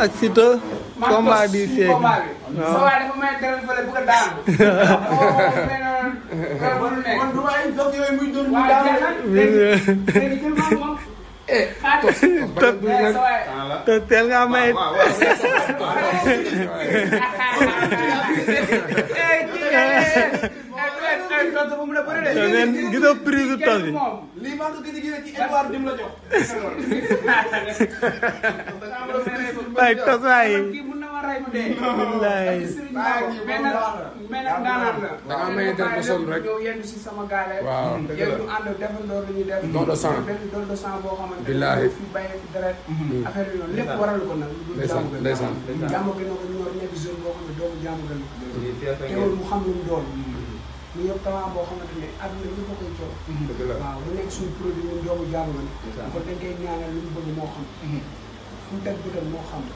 ak Siteu. combat bi seeg combat bi. waaw waaye dafa may déglu fële bu ko daan. man du ma ay dox yooyu muy doon muy daan. te teel nga may. te ngeen gis nga prise tas bi. waaye tos waaye. dangaa may der bu sonn rek. waaw dëgg la. don de sang. billaahi. ndeysaan ndeysaan. teewul mu xam lu mu doon. ñu yëpp talent boo xamante ne àdduna ñu ko koy coow. dëgg la waaw mu nekk suñu produit ñun doomu jaamu la. kon dañ koy ñaanal lu mu bëgg moo xam. ku teg bëtam xam